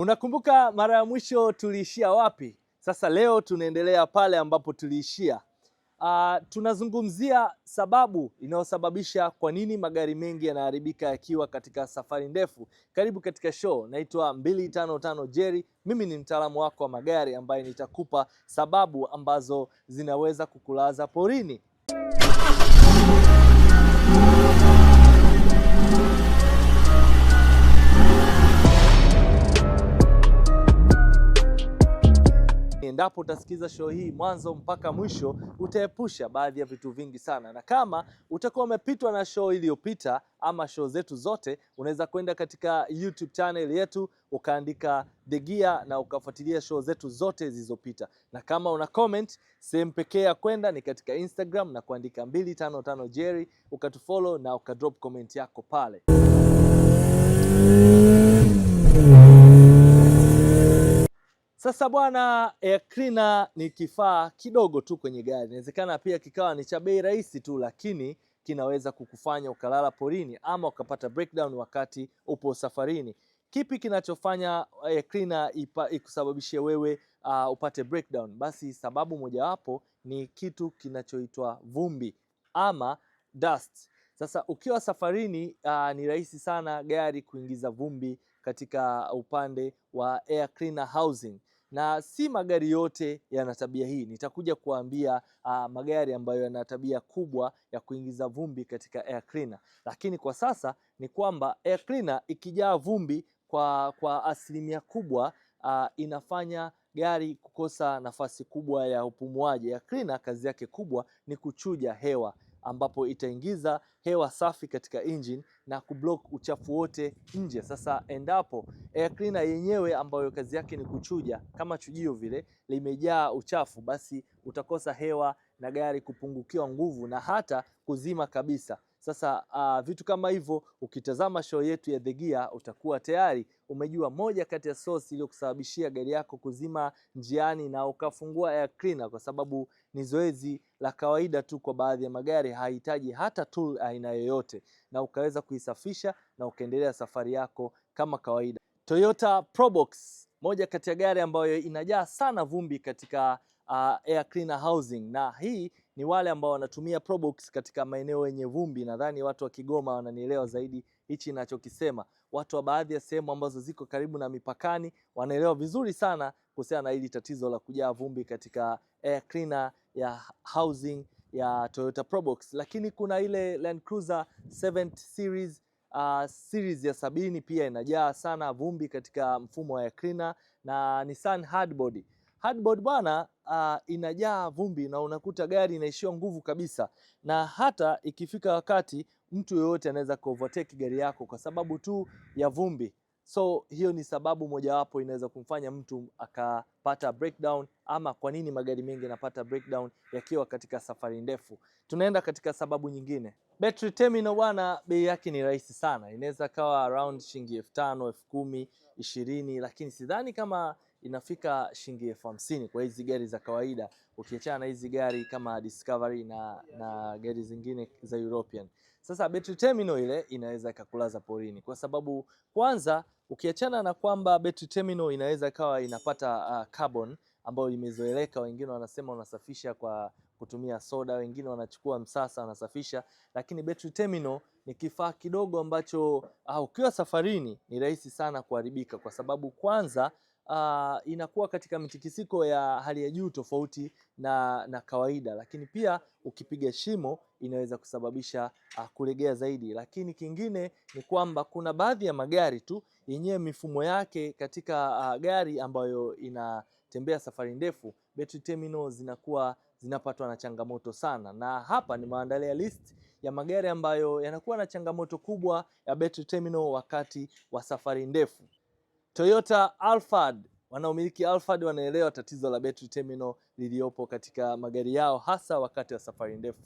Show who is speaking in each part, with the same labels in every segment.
Speaker 1: Unakumbuka mara ya mwisho tuliishia wapi? Sasa leo tunaendelea pale ambapo tuliishia. Uh, tunazungumzia sababu inayosababisha kwa nini magari mengi yanaharibika yakiwa katika safari ndefu. Karibu katika show, naitwa 255 Jerry. Mimi ni mtaalamu wako wa magari ambaye nitakupa sababu ambazo zinaweza kukulaza porini. endapo utasikiza show hii mwanzo mpaka mwisho, utaepusha baadhi ya vitu vingi sana, na kama utakuwa umepitwa na show iliyopita ama show zetu zote, unaweza kwenda katika YouTube channel yetu ukaandika The Gear na ukafuatilia show zetu zote zilizopita. Na kama una comment, sehemu pekee ya kwenda ni katika Instagram na kuandika 255 Jerry, ukatufollow na ukadrop comment yako pale. Sasa bwana, air cleaner ni kifaa kidogo tu kwenye gari, inawezekana pia kikawa ni cha bei rahisi tu, lakini kinaweza kukufanya ukalala porini ama ukapata breakdown wakati upo safarini. Kipi kinachofanya air cleaner ikusababishie wewe uh, upate breakdown? Basi sababu mojawapo ni kitu kinachoitwa vumbi ama dust. Sasa ukiwa safarini uh, ni rahisi sana gari kuingiza vumbi katika upande wa air cleaner housing na si magari yote yana tabia hii. Nitakuja kuambia uh, magari ambayo yana tabia kubwa ya kuingiza vumbi katika air cleaner, lakini kwa sasa ni kwamba air cleaner ikijaa vumbi kwa, kwa asilimia kubwa uh, inafanya gari kukosa nafasi kubwa ya upumuaji. Air cleaner kazi yake kubwa ni kuchuja hewa ambapo itaingiza hewa safi katika engine na kublock uchafu wote nje. Sasa endapo air cleaner yenyewe ambayo kazi yake ni kuchuja kama chujio vile, limejaa uchafu, basi utakosa hewa na gari kupungukiwa nguvu na hata kuzima kabisa. Sasa uh, vitu kama hivyo ukitazama show yetu ya The Gear utakuwa tayari umejua moja kati ya source iliyokusababishia gari yako kuzima njiani na ukafungua air cleaner, kwa sababu ni zoezi la kawaida tu kwa baadhi ya magari, hahitaji hata tool aina yoyote, na ukaweza kuisafisha na ukaendelea safari yako kama kawaida. Toyota Probox, moja kati ya gari ambayo inajaa sana vumbi katika uh, air cleaner housing, na hii ni wale ambao wanatumia Probox katika maeneo yenye vumbi. Nadhani watu wa Kigoma wananielewa zaidi hichi ninachokisema. Watu wa baadhi ya sehemu ambazo ziko karibu na mipakani wanaelewa vizuri sana kuhusiana na hili tatizo la kujaa vumbi katika air cleaner ya housing ya Toyota Probox, lakini kuna ile Land Cruiser 7 series Uh, series ya sabini pia inajaa sana vumbi katika mfumo wa air cleaner na Nissan hardbody Hardboard bwana uh, inajaa vumbi na unakuta gari inaishiwa nguvu kabisa, na hata ikifika wakati mtu yeyote anaweza kuovertake gari yako kwa sababu tu ya vumbi. So hiyo ni sababu mojawapo inaweza kumfanya mtu akapata breakdown, ama kwa nini magari mengi yanapata breakdown yakiwa katika safari ndefu. Tunaenda katika sababu nyingine. Battery terminal bwana, bei yake ni rahisi sana, inaweza kawa around shilingi elfu tano elfu kumi ishirini, lakini sidhani kama inafika shilingi elfu hamsini kwa hizi gari za kawaida, ukiachana na hizi gari kama Discovery na, na gari zingine za European. Sasa battery terminal ile inaweza ikakulaza porini, kwa sababu kwanza ukiachana na kwamba battery terminal inaweza ikawa inapata uh, carbon ambayo imezoeleka, wengine wanasema wanasafisha kwa kutumia soda, wengine wanachukua msasa wanasafisha, lakini battery terminal ni kifaa kidogo ambacho uh, ukiwa safarini ni rahisi sana kuharibika, kwa sababu kwanza uh, inakuwa katika mitikisiko ya hali ya juu tofauti na, na kawaida, lakini pia ukipiga shimo inaweza kusababisha uh, kulegea zaidi. Lakini kingine ni kwamba kuna baadhi ya magari tu yenyewe mifumo yake katika uh, gari ambayo inatembea safari ndefu, battery terminal zinakuwa zinapatwa na changamoto sana, na hapa nimeandalia list ya magari ambayo yanakuwa na changamoto kubwa ya battery terminal wakati wa safari ndefu. Toyota Alphard, wanaomiliki Alphard wanaelewa tatizo la battery terminal liliyopo katika magari yao hasa wakati wa safari ndefu.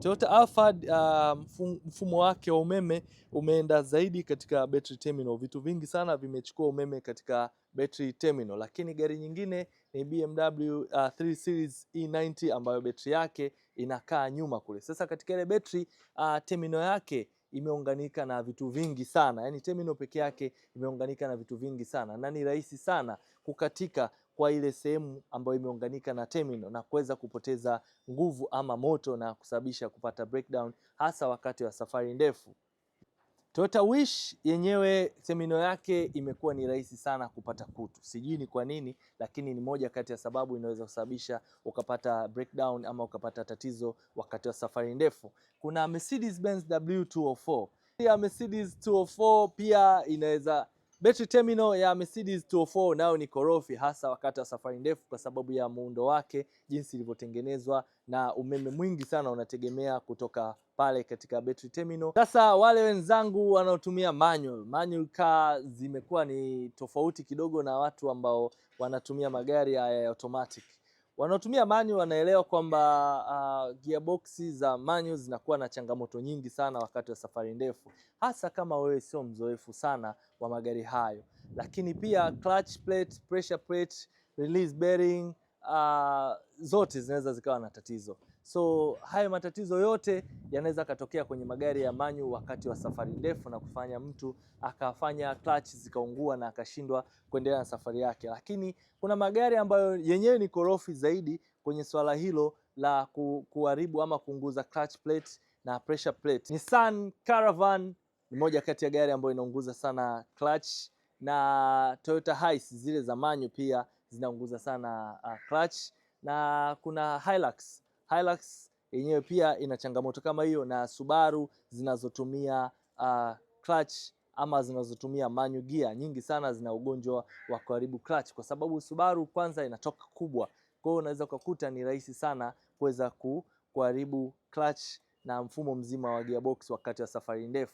Speaker 1: Toyota Alphard uh, mfumo wake wa umeme umeenda zaidi katika battery terminal. Vitu vingi sana vimechukua umeme katika battery terminal, lakini gari nyingine ni BMW uh, 3 Series E90 ambayo betri yake inakaa nyuma kule. Sasa katika ile battery uh, terminal yake imeunganika na vitu vingi sana, yani terminal peke yake imeunganika na vitu vingi sana, na ni rahisi sana kukatika kwa ile sehemu ambayo imeunganika na terminal na kuweza kupoteza nguvu ama moto na kusababisha kupata breakdown, hasa wakati wa safari ndefu. Toyota Wish yenyewe semino yake imekuwa ni rahisi sana kupata kutu, sijui ni kwa nini, lakini ni moja kati ya sababu inaweza kusababisha ukapata breakdown ama ukapata tatizo wakati wa safari ndefu. Kuna oh Mercedes Benz W204 ya Mercedes 204 pia inaweza Battery terminal ya Mercedes 204 nayo ni korofi hasa wakati wa safari ndefu, kwa sababu ya muundo wake, jinsi ilivyotengenezwa na umeme mwingi sana unategemea kutoka pale katika battery terminal. Sasa wale wenzangu wanaotumia manual, manual car zimekuwa ni tofauti kidogo na watu ambao wanatumia magari haya ya automatic. Wanaotumia manual wanaelewa kwamba uh, ah, gearbox za manual zinakuwa na changamoto nyingi sana wakati wa safari ndefu, hasa kama wewe sio mzoefu sana wa magari hayo. Lakini pia clutch plate, pressure plate, release bearing, uh, zote zinaweza zikawa na tatizo. So hayo matatizo yote yanaweza katokea kwenye magari ya manyu wakati wa safari ndefu na kufanya mtu akafanya clutch zikaungua na akashindwa kuendelea na safari yake. Lakini kuna magari ambayo yenyewe ni korofi zaidi kwenye swala hilo la ku, kuharibu ama kuunguza clutch plate na pressure plate. Nissan Caravan ni moja kati ya gari ambayo inaunguza sana clutch na Toyota Hiace zile za manyu pia zinaunguza sana uh, clutch na kuna Hilux Hilux yenyewe pia ina changamoto kama hiyo, na Subaru zinazotumia uh, clutch ama zinazotumia manual gear nyingi sana zina ugonjwa wa kuharibu clutch, kwa sababu Subaru kwanza inatoka kubwa, kwa hiyo unaweza ukakuta ni rahisi sana kuweza kuharibu clutch na mfumo mzima wa gearbox wakati wa safari ndefu.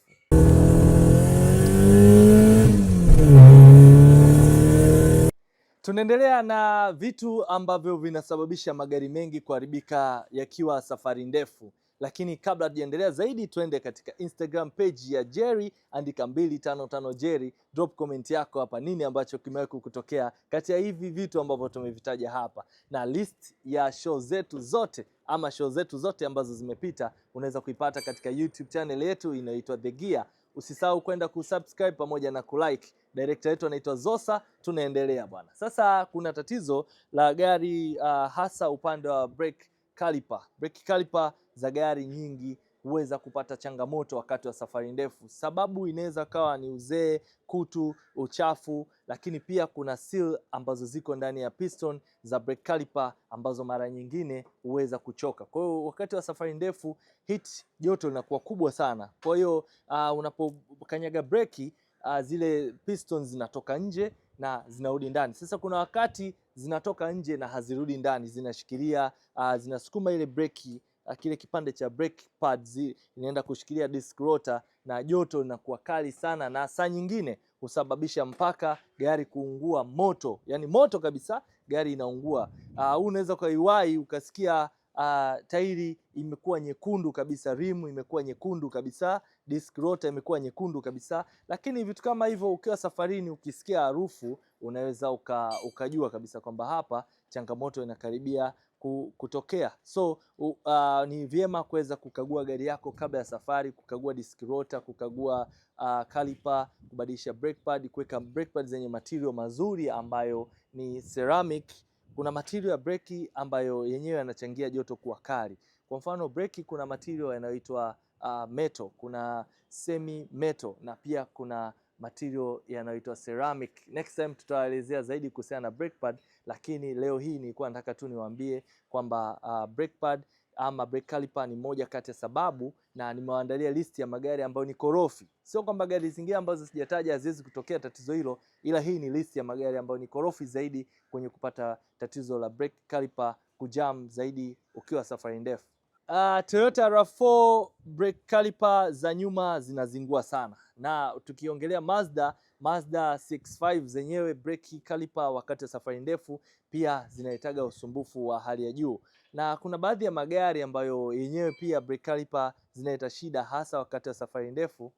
Speaker 1: Tunaendelea na vitu ambavyo vinasababisha magari mengi kuharibika yakiwa safari ndefu, lakini kabla tujaendelea zaidi, twende katika Instagram page ya Jerry, andika 255 Jerry, drop comment yako hapa, nini ambacho kimewahi kukutokea kati ya hivi vitu ambavyo tumevitaja hapa, na list ya show zetu zote ama show zetu zote ambazo zimepita unaweza kuipata katika YouTube channel yetu inayoitwa The Gear. Usisahau kwenda kusubscribe pamoja na kulike. Director wetu anaitwa Zosa, tunaendelea bwana. Sasa kuna tatizo la gari uh, hasa upande wa brake caliper. Brake caliper za gari nyingi huweza kupata changamoto wakati wa safari ndefu. Sababu inaweza kawa ni uzee, kutu, uchafu, lakini pia kuna seal ambazo ziko ndani ya piston za brake caliper ambazo mara nyingine huweza kuchoka. Kwa hiyo wakati wa safari ndefu heat, joto linakuwa kubwa sana. Kwa hiyo uh, unapokanyaga breki uh, zile piston zinatoka nje na zinarudi ndani. Sasa kuna wakati zinatoka nje na hazirudi ndani, zinashikilia uh, zinasukuma ile breki Ah, kile kipande cha brake pads inaenda kushikilia disc rota, na joto linakuwa kali sana, na saa nyingine husababisha mpaka gari kuungua moto, yani moto kabisa, gari inaungua. Uh, unaweza ukaiwai ukasikia Uh, tairi imekuwa nyekundu kabisa, rimu imekuwa nyekundu kabisa, disk rota imekuwa nyekundu kabisa. Lakini vitu kama hivyo, ukiwa safarini, ukisikia harufu, unaweza uka, ukajua kabisa kwamba hapa changamoto inakaribia kutokea. So uh, ni vyema kuweza kukagua gari yako kabla ya safari, kukagua disk rota, kukagua uh, kalipa, kubadilisha brake pad, kuweka brake pad zenye material mazuri ambayo ni ceramic. Kuna material ya breki ambayo yenyewe yanachangia joto kuwa kali. Kwa mfano breki, kuna material yanayoitwa uh, metal, kuna semi metal na pia kuna material yanayoitwa ceramic. Next time tutaelezea zaidi kuhusiana na brake pad, lakini leo hii nilikuwa nataka tu niwaambie kwamba uh, brake pad ama brake caliper ni moja kati ya sababu, na nimewaandalia listi ya magari ambayo ni korofi. Sio kwamba gari zingine ambazo sijataja haziwezi kutokea tatizo hilo, ila hii ni listi ya magari ambayo ni korofi zaidi kwenye kupata tatizo la brake caliper kujam zaidi ukiwa safari ndefu. Uh, Toyota RAV4 brake caliper za nyuma zinazingua sana, na tukiongelea Mazda Mazda 65 zenyewe brake caliper wakati wa safari ndefu pia zinahitaga usumbufu wa hali ya juu, na kuna baadhi ya magari ambayo yenyewe pia brake caliper zinaleta shida, hasa wakati wa safari ndefu.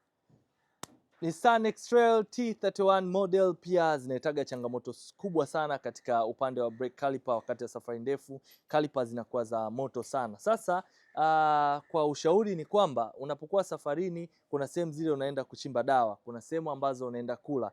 Speaker 1: Nissan X-Trail T31 model pia zinaitaga changamoto kubwa sana katika upande wa brake caliper. Wakati wa safari ndefu, caliper zinakuwa za moto sana. Sasa uh, kwa ushauri ni kwamba unapokuwa safarini, kuna sehemu zile unaenda kuchimba dawa, kuna sehemu ambazo unaenda kula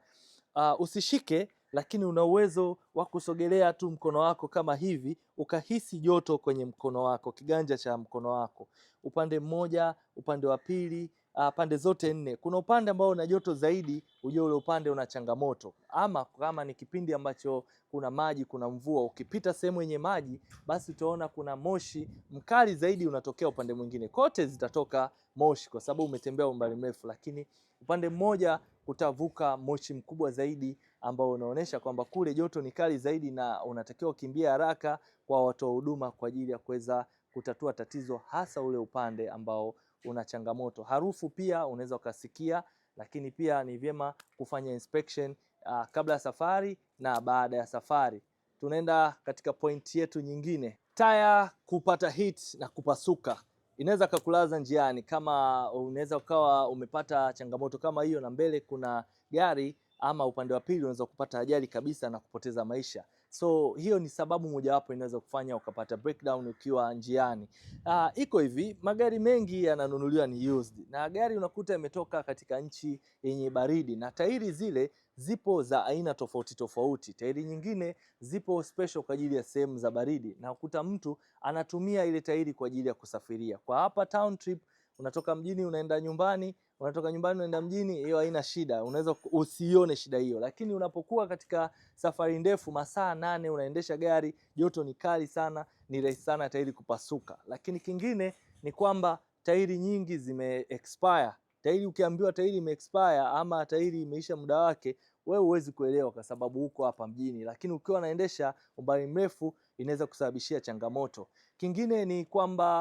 Speaker 1: uh, usishike lakini una uwezo wa kusogelea tu mkono wako kama hivi, ukahisi joto kwenye mkono wako, kiganja cha mkono wako, upande mmoja, upande wa pili uh, pande zote nne. Kuna upande ambao una joto zaidi, ujue ule upande una changamoto, ama kama ni kipindi ambacho kuna maji, kuna mvua, ukipita sehemu yenye maji, basi utaona kuna moshi mkali zaidi unatokea upande mwingine. Kote zitatoka moshi kwa sababu umetembea umbali mrefu, lakini upande mmoja utavuka moshi mkubwa zaidi ambao unaonyesha kwamba kule joto ni kali zaidi na unatakiwa ukimbia haraka kwa watoa huduma kwa ajili ya kuweza kutatua tatizo, hasa ule upande ambao una changamoto. Harufu pia unaweza ukasikia, lakini pia ni vyema kufanya inspection uh, kabla ya safari na baada ya safari. Tunaenda katika point yetu nyingine, taya kupata hit na kupasuka inaweza kakulaza njiani, kama unaweza ukawa umepata changamoto kama hiyo, na mbele kuna gari ama upande wa pili unaweza kupata ajali kabisa na kupoteza maisha. So hiyo ni sababu mojawapo inaweza kufanya ukapata breakdown ukiwa njiani. Uh, iko hivi, magari mengi yananunuliwa ni used, na gari unakuta imetoka katika nchi yenye baridi na tairi zile zipo za aina tofauti tofauti. Tairi nyingine zipo special kwa ajili ya sehemu za baridi, na ukuta mtu anatumia ile tairi kwa ajili ya kusafiria kwa hapa town trip, unatoka mjini unaenda nyumbani unatoka nyumbani unaenda mjini, hiyo haina shida, unaweza usione shida hiyo. Lakini unapokuwa katika safari ndefu, masaa nane unaendesha gari, joto ni kali sana, ni rahisi sana tairi kupasuka. Lakini kingine ni kwamba tairi nyingi zime expire. Tairi ukiambiwa tairi ime expire ama tairi imeisha muda wake, wewe huwezi kuelewa kwa sababu huko hapa mjini, lakini ukiwa unaendesha umbali mrefu inaweza kusababishia changamoto. Kingine ni kwamba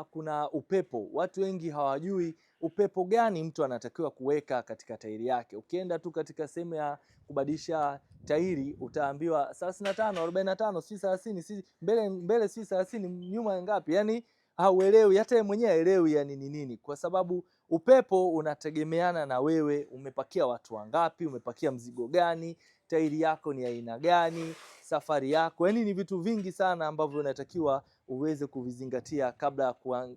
Speaker 1: uh, kuna upepo. Watu wengi hawajui upepo gani mtu anatakiwa kuweka katika tairi yake. Ukienda tu katika sehemu ya kubadilisha tairi utaambiwa 35, 45, si 30, si mbele mbele, si 30, nyuma ngapi? Yani hauelewi hata mwenyewe aelewi yani ni nini, kwa sababu upepo unategemeana na wewe umepakia watu wangapi, umepakia mzigo gani, tairi yako ni aina gani safari yako. Yaani ni vitu vingi sana ambavyo unatakiwa uweze kuvizingatia kabla ya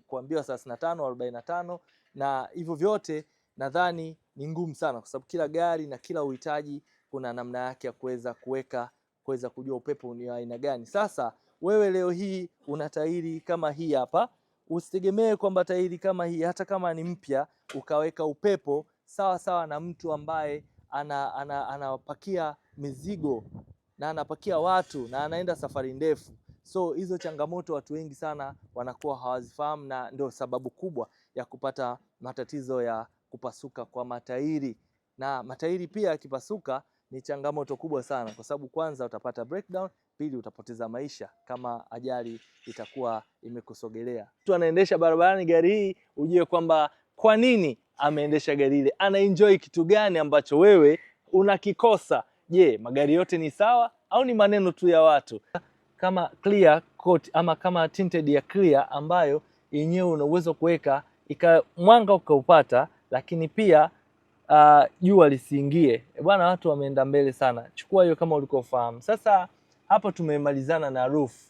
Speaker 1: kuambiwa thelathini na tano arobaini na tano na hivyo vyote nadhani ni ngumu sana, kwa sababu kila gari na kila uhitaji kuna namna yake ya kuweza kuweka kuweza kujua upepo ni aina gani. Sasa wewe leo hii una tairi kama hii hapa, usitegemee kwamba tairi kama hii hata kama ni mpya ukaweka upepo sawa sawa na mtu ambaye anapakia ana, ana mizigo na anapakia watu na anaenda safari ndefu. So hizo changamoto watu wengi sana wanakuwa hawazifahamu, na ndio sababu kubwa ya kupata matatizo ya kupasuka kwa matairi. Na matairi pia yakipasuka ni changamoto kubwa sana, kwa sababu kwanza utapata breakdown, pili utapoteza maisha kama ajali itakuwa imekusogelea. Mtu anaendesha barabarani gari hii, ujue kwamba kwa nini ameendesha gari ile, enjoy kitu gani ambacho wewe unakikosa je, magari yote ni sawa au ni maneno tu ya watu? Kama clear coat ama kama tinted ya clear ambayo yenyewe una uwezo kuweka ika mwanga ukaupata, lakini pia ah, jua lisiingie. lisiingie eh, bwana. Watu wameenda mbele sana, chukua hiyo kama ulikofahamu. Sasa hapo tumemalizana na roof,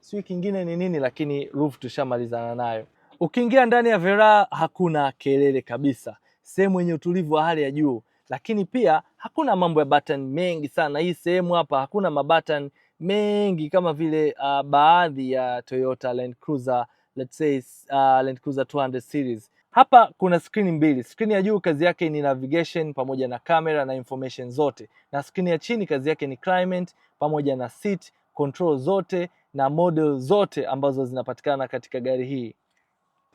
Speaker 1: sio kingine ni nini, lakini roof tushamalizana nayo. Ukiingia ndani ya Veraa hakuna kelele kabisa, sehemu yenye utulivu wa hali ya juu lakini pia hakuna mambo ya button mengi sana. Hii sehemu hapa hakuna mabutton mengi kama vile uh, baadhi ya Toyota Land Cruiser, let's say, uh, Land Cruiser 200 series. Hapa kuna skrini mbili. Skrini ya juu kazi yake ni navigation pamoja na camera na information zote, na skrini ya chini kazi yake ni climate pamoja na seat control zote na model zote ambazo zinapatikana katika gari hii.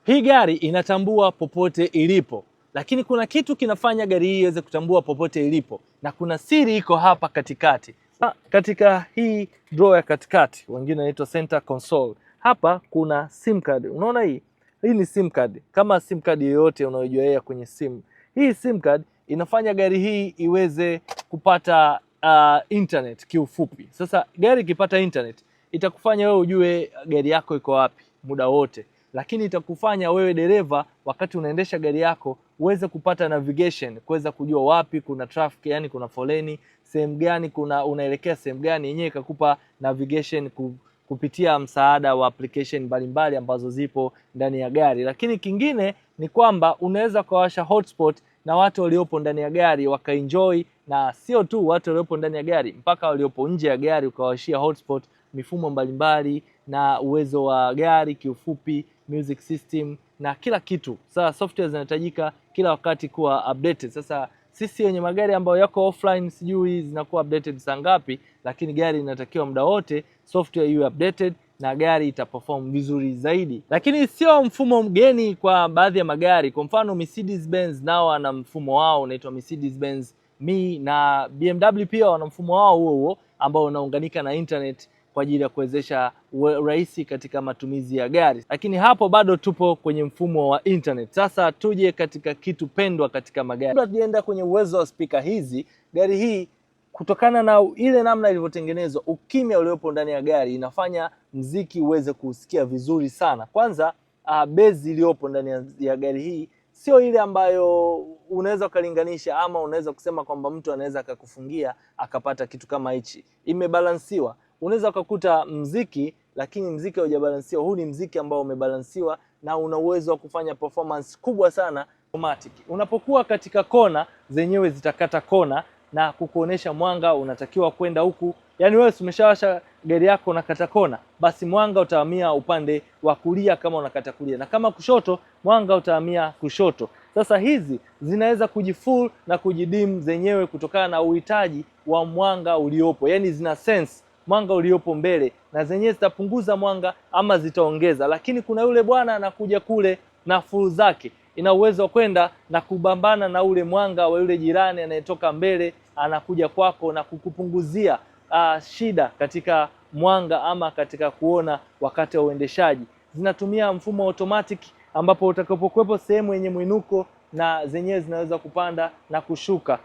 Speaker 1: Hii gari inatambua popote ilipo lakini kuna kitu kinafanya gari hii iweze kutambua popote ilipo, na kuna siri iko hapa katikati. Ha, ah, katika hii draw ya katikati, wengine inaitwa center console. Hapa kuna sim card, unaona hii hii ni sim card, kama sim card yoyote unayoijoea kwenye simu. Hii sim card inafanya gari hii iweze kupata uh, internet kiufupi. Sasa gari ikipata internet itakufanya wewe ujue gari yako iko wapi muda wote lakini itakufanya wewe dereva, wakati unaendesha gari yako uweze kupata navigation, kuweza kujua wapi kuna traffic, yani kuna foleni sehemu gani, kuna unaelekea sehemu gani, yenyewe ikakupa navigation ku, kupitia msaada wa application mbalimbali ambazo zipo ndani ya gari. Lakini kingine ni kwamba unaweza kuwasha hotspot na watu waliopo ndani ya gari wakaenjoy, na sio tu watu waliopo ndani ya gari, mpaka waliopo nje ya gari ukawashia hotspot mifumo mbalimbali na uwezo wa gari kiufupi, music system na kila kitu. Sasa software zinahitajika kila wakati kuwa updated. Sasa sisi wenye magari ambayo yako offline sijui zinakuwa updated saa ngapi, lakini gari inatakiwa muda wote software iwe updated na gari itaperform vizuri zaidi, lakini sio mfumo mgeni kwa baadhi ya magari. Kwa mfano Mercedes Benz nao wana mfumo wao unaitwa Mercedes Benz Mi na BMW pia wana mfumo wao huo huo ambao unaunganika na internet kwa ajili ya kuwezesha urahisi katika matumizi ya gari, lakini hapo bado tupo kwenye mfumo wa internet. Sasa tuje katika kitu pendwa katika magari. Kabla tujaenda kwenye uwezo wa spika hizi, gari hii kutokana na ile namna ilivyotengenezwa, ukimya uliopo ndani ya gari inafanya mziki uweze kusikia vizuri sana. Kwanza uh, bezi iliyopo ndani ya gari hii sio ile ambayo unaweza ukalinganisha ama unaweza kusema kwamba mtu anaweza akakufungia akapata kitu kama hichi. Imebalansiwa unaweza ukakuta mziki lakini mziki haujabalansiwa. Huu ni mziki ambao umebalansiwa na una uwezo wa kufanya performance kubwa sana automatic. Unapokuwa katika kona zenyewe zitakata kona na kukuonesha mwanga unatakiwa kwenda huku. Yaani wewe umeshawasha gari yako unakata kona, basi mwanga utahamia upande wa kulia kama unakata kulia, na kama kushoto, mwanga utahamia kushoto. Sasa hizi zinaweza kujifull na kujidim zenyewe kutokana na uhitaji wa mwanga uliopo, yaani zina sense mwanga uliopo mbele, na zenyewe zitapunguza mwanga ama zitaongeza. Lakini kuna yule bwana anakuja kule na furu zake, ina uwezo wa kwenda na kubambana na ule mwanga wa yule jirani anayetoka mbele, anakuja kwako na kukupunguzia uh, shida katika mwanga ama katika kuona wakati wa uendeshaji. Zinatumia mfumo automatic ambapo utakapokuwepo sehemu yenye mwinuko na zenyewe zinaweza kupanda na kushuka.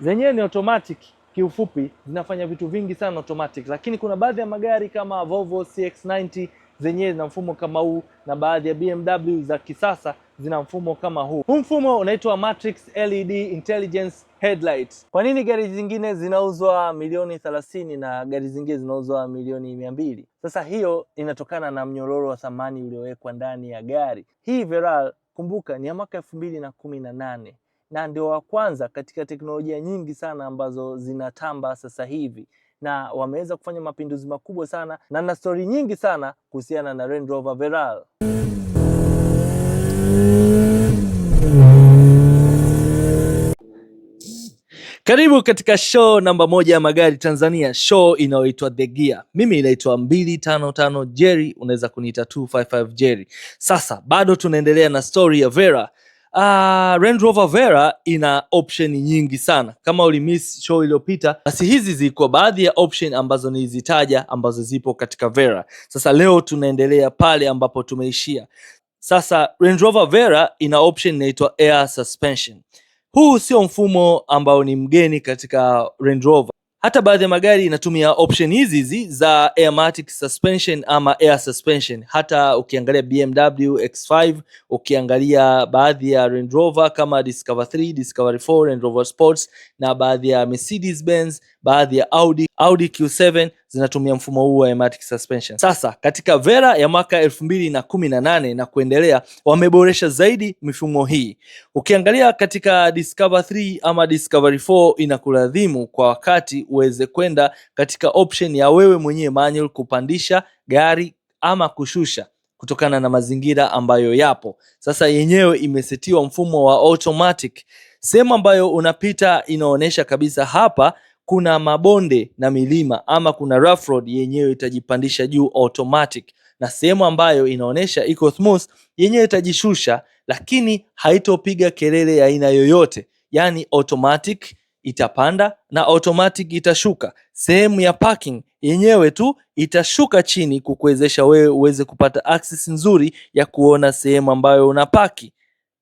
Speaker 1: Zenyewe ni automatic kiufupi zinafanya vitu vingi sana automatic, lakini kuna baadhi ya magari kama Volvo CX90 zenyewe zina mfumo kama huu na baadhi ya BMW za kisasa zina mfumo kama huu. Huu mfumo unaitwa Matrix LED Intelligence Headlight. Kwa nini gari zingine zinauzwa milioni thelathini na gari zingine zinauzwa milioni mia mbili? Sasa hiyo inatokana na mnyororo wa thamani uliowekwa ndani ya gari hii. Veral, kumbuka ni ya mwaka elfu mbili na kumi na nane na ndio wa kwanza katika teknolojia nyingi sana ambazo zinatamba sasa hivi na wameweza kufanya mapinduzi makubwa sana na na stori nyingi sana kuhusiana na Range Rover Velar. Karibu katika show namba moja ya magari Tanzania, show inayoitwa The Gear. Mimi inaitwa 255 Jerry, unaweza kuniita 255 Jerry. Sasa bado tunaendelea na stori ya Velar uh, Range Rover Vera ina option nyingi sana. Kama ulimiss show iliyopita, basi hizi ziko baadhi ya option ambazo nilizitaja ambazo zipo katika Vera. Sasa leo tunaendelea pale ambapo tumeishia. Sasa Range Rover Vera ina option inaitwa air suspension. Huu sio mfumo ambao ni mgeni katika Range Rover hata baadhi ya magari inatumia option hizi hizi za airmatic suspension ama air suspension. Hata ukiangalia BMW X5, ukiangalia baadhi ya Range Rover kama Discover 3, Discovery 4, Range Rover Sports na baadhi ya Mercedes Benz baadhi ya Audi, Audi Q7 zinatumia mfumo huu wa automatic suspension. Sasa katika Vera ya mwaka elfu mbili na kumi na nane na kuendelea wameboresha zaidi mifumo hii. Ukiangalia katika Discover 3 ama Discovery 4 inakulazimu kwa wakati uweze kwenda katika option ya wewe mwenyewe manual kupandisha gari ama kushusha kutokana na mazingira ambayo yapo. Sasa yenyewe imesetiwa mfumo wa automatic. Sehemu ambayo unapita inaonyesha kabisa hapa kuna mabonde na milima ama kuna rough road yenyewe itajipandisha juu automatic, na sehemu ambayo inaonyesha iko smooth yenyewe itajishusha, lakini haitopiga kelele ya aina yoyote, yani automatic itapanda na automatic itashuka. Sehemu ya parking yenyewe tu itashuka chini kukuwezesha wewe uweze kupata access nzuri ya kuona sehemu ambayo unapaki.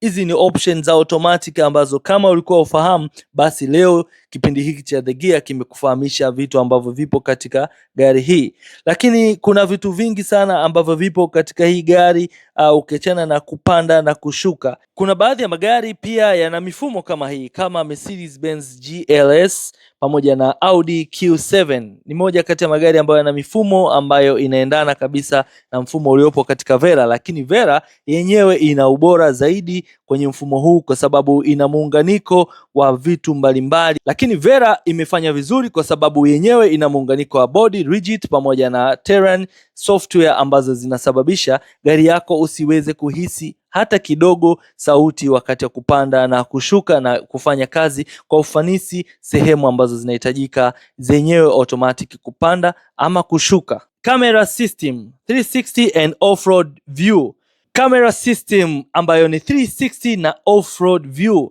Speaker 1: Hizi ni options za automatic ambazo kama ulikuwa ufahamu, basi leo Kipindi hiki cha The Gear kimekufahamisha vitu ambavyo vipo katika gari hii, lakini kuna vitu vingi sana ambavyo vipo katika hii gari uh, ukiachana na kupanda na kushuka. Kuna baadhi ya magari pia yana mifumo kama hii kama Mercedes Benz GLS pamoja na Audi Q7 ni moja kati ya magari ambayo yana mifumo ambayo inaendana kabisa na mfumo uliopo katika Vera, lakini Vera yenyewe ina ubora zaidi kwenye mfumo huu kwa sababu ina muunganiko wa vitu mbalimbali mbali. Lakini Vera imefanya vizuri kwa sababu yenyewe ina muunganiko wa body rigid pamoja na terrain software ambazo zinasababisha gari yako usiweze kuhisi hata kidogo sauti wakati wa kupanda na kushuka na kufanya kazi kwa ufanisi sehemu ambazo zinahitajika zenyewe automatic kupanda ama kushuka. Camera system 360 and off-road view. Camera system ambayo ni 360 na off-road view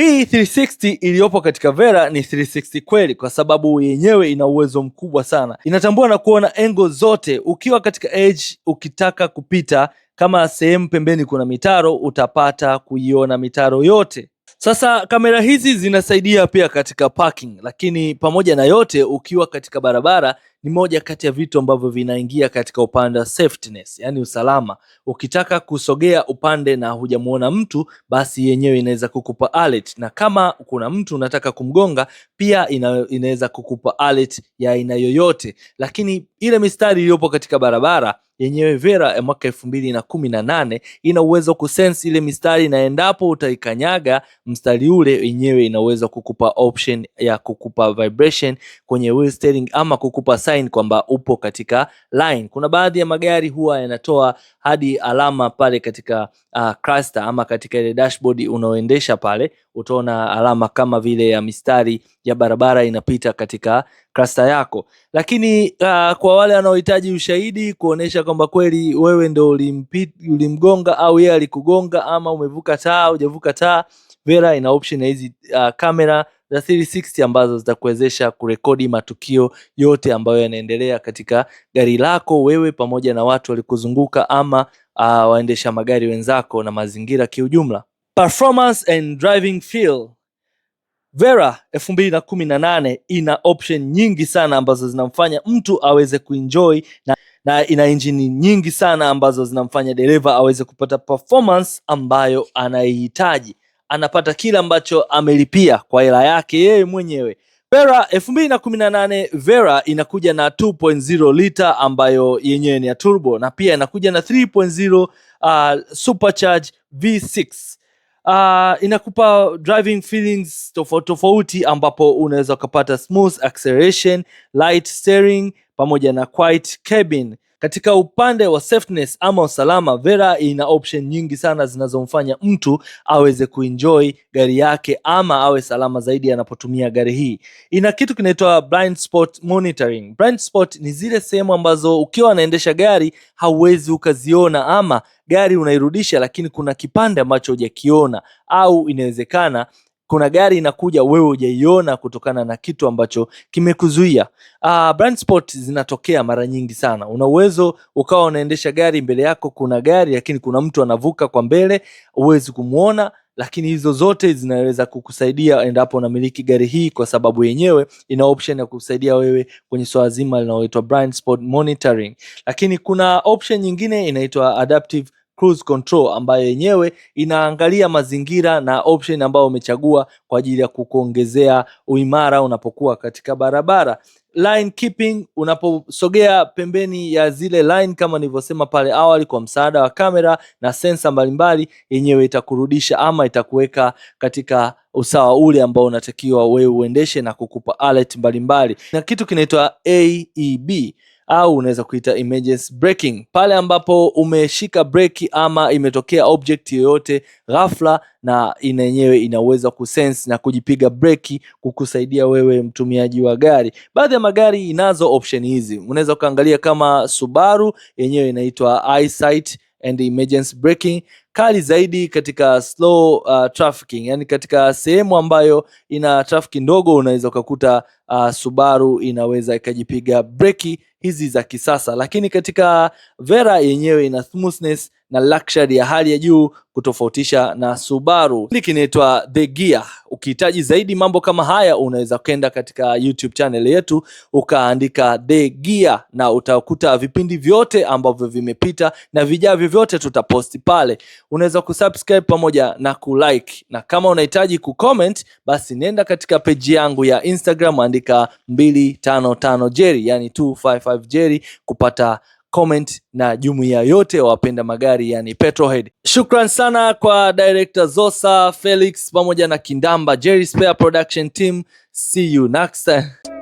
Speaker 1: hii 360 iliyopo katika Vera ni 360 kweli, kwa sababu yenyewe ina uwezo mkubwa sana, inatambua na kuona engo zote. Ukiwa katika edge, ukitaka kupita kama sehemu pembeni kuna mitaro, utapata kuiona mitaro yote. Sasa kamera hizi zinasaidia pia katika parking, lakini pamoja na yote, ukiwa katika barabara ni moja kati ya vitu ambavyo vinaingia katika upande wa safetyness, yani usalama. Ukitaka kusogea upande na hujamuona mtu, basi yenyewe inaweza kukupa alert, na kama kuna mtu unataka kumgonga pia ina, inaweza kukupa alert ya aina yoyote. Lakini ile mistari iliyopo katika barabara yenyewe Vera ya mwaka elfu mbili na kumi na nane ina uwezo kusense ile mistari, na endapo utaikanyaga mstari ule, yenyewe inaweza kukupa option ya kukupa vibration kwenye wheel steering ama kukupa sign kwamba upo katika line. Kuna baadhi ya magari huwa yanatoa hadi alama pale katika uh, cluster ama katika ile dashboard unaoendesha pale, utaona alama kama vile ya mistari ya barabara inapita katika cluster yako. Lakini uh, kwa wale wanaohitaji ushahidi kuonesha kwamba kweli wewe ndio ulimgonga au yeye alikugonga ama umevuka taa, hujavuka taa, Vera ina option ya hizi uh, ah, kamera za 360 ambazo zitakuwezesha kurekodi matukio yote ambayo yanaendelea katika gari lako wewe pamoja na watu walikuzunguka ama uh, waendesha magari wenzako na mazingira kiujumla. Performance and driving feel. Vera 2018 ina option nyingi sana ambazo zinamfanya mtu aweze kuenjoy na, na ina injini nyingi sana ambazo zinamfanya dereva aweze kupata performance ambayo anaihitaji anapata kile ambacho amelipia kwa hela yake yeye mwenyewe. Vera elfu mbili na kumi na nane Vera inakuja na 2.0 lita ambayo yenyewe ni ya turbo na pia inakuja na 3.0 uh, supercharge V6. Uh, inakupa driving feelings tofauti tofauti ambapo unaweza ukapata smooth acceleration, light steering pamoja na quiet cabin. Katika upande wa safeness ama usalama, Vera ina option nyingi sana zinazomfanya mtu aweze kuenjoy gari yake ama awe salama zaidi anapotumia gari hii. Ina kitu kinaitwa blind spot monitoring. Blind spot ni zile sehemu ambazo ukiwa unaendesha gari hauwezi ukaziona ama gari unairudisha, lakini kuna kipande ambacho hujakiona au inawezekana kuna gari inakuja wewe hujaiona kutokana na kitu ambacho kimekuzuia. Uh, blind spot zinatokea mara nyingi sana. Una uwezo ukawa unaendesha gari, mbele yako kuna gari, lakini kuna mtu anavuka kwa mbele, huwezi kumwona lakini hizo zote zinaweza kukusaidia endapo unamiliki gari hii, kwa sababu yenyewe ina option ya kukusaidia wewe kwenye swala zima linaloitwa blind spot monitoring. Lakini kuna option nyingine inaitwa adaptive cruise control ambayo yenyewe inaangalia mazingira na option ambayo umechagua kwa ajili ya kukuongezea uimara unapokuwa katika barabara. Line keeping, unaposogea pembeni ya zile line kama nilivyosema pale awali, kwa msaada wa kamera na sensa mbalimbali, yenyewe itakurudisha ama itakuweka katika usawa ule ambao unatakiwa wewe uendeshe na kukupa alert mbalimbali, na kitu kinaitwa AEB au unaweza kuita emergency braking, pale ambapo umeshika breki ama imetokea object yoyote ghafla, na ina yenyewe inaweza kusense na kujipiga breki kukusaidia wewe mtumiaji wa gari. Baadhi ya magari inazo option hizi, unaweza ukaangalia kama Subaru yenyewe inaitwa EyeSight and emergency braking kali zaidi katika slow uh, trafficking, yani katika sehemu ambayo ina trafiki ndogo unaweza ukakuta uh, Subaru inaweza ikajipiga breki hizi za kisasa, lakini katika Vera yenyewe ina smoothness na luxury ya hali ya juu kutofautisha na Subaru. Hili kinaitwa The Gear. Ukihitaji zaidi mambo kama haya, unaweza kwenda katika YouTube channel yetu ukaandika The Gear na utakuta vipindi vyote ambavyo vimepita na vijavyo vyote tutaposti pale. Unaweza kusubscribe pamoja na kulike, na kama unahitaji kucomment, basi nenda katika peji yangu ya Instagram andika 255 Jerry, yani 255 Jerry kupata comment na jumuiya yote wapenda magari yani petrohead Shukran sana kwa director Zosa Felix pamoja na Kindamba Jerry Spare Production Team. See you next time.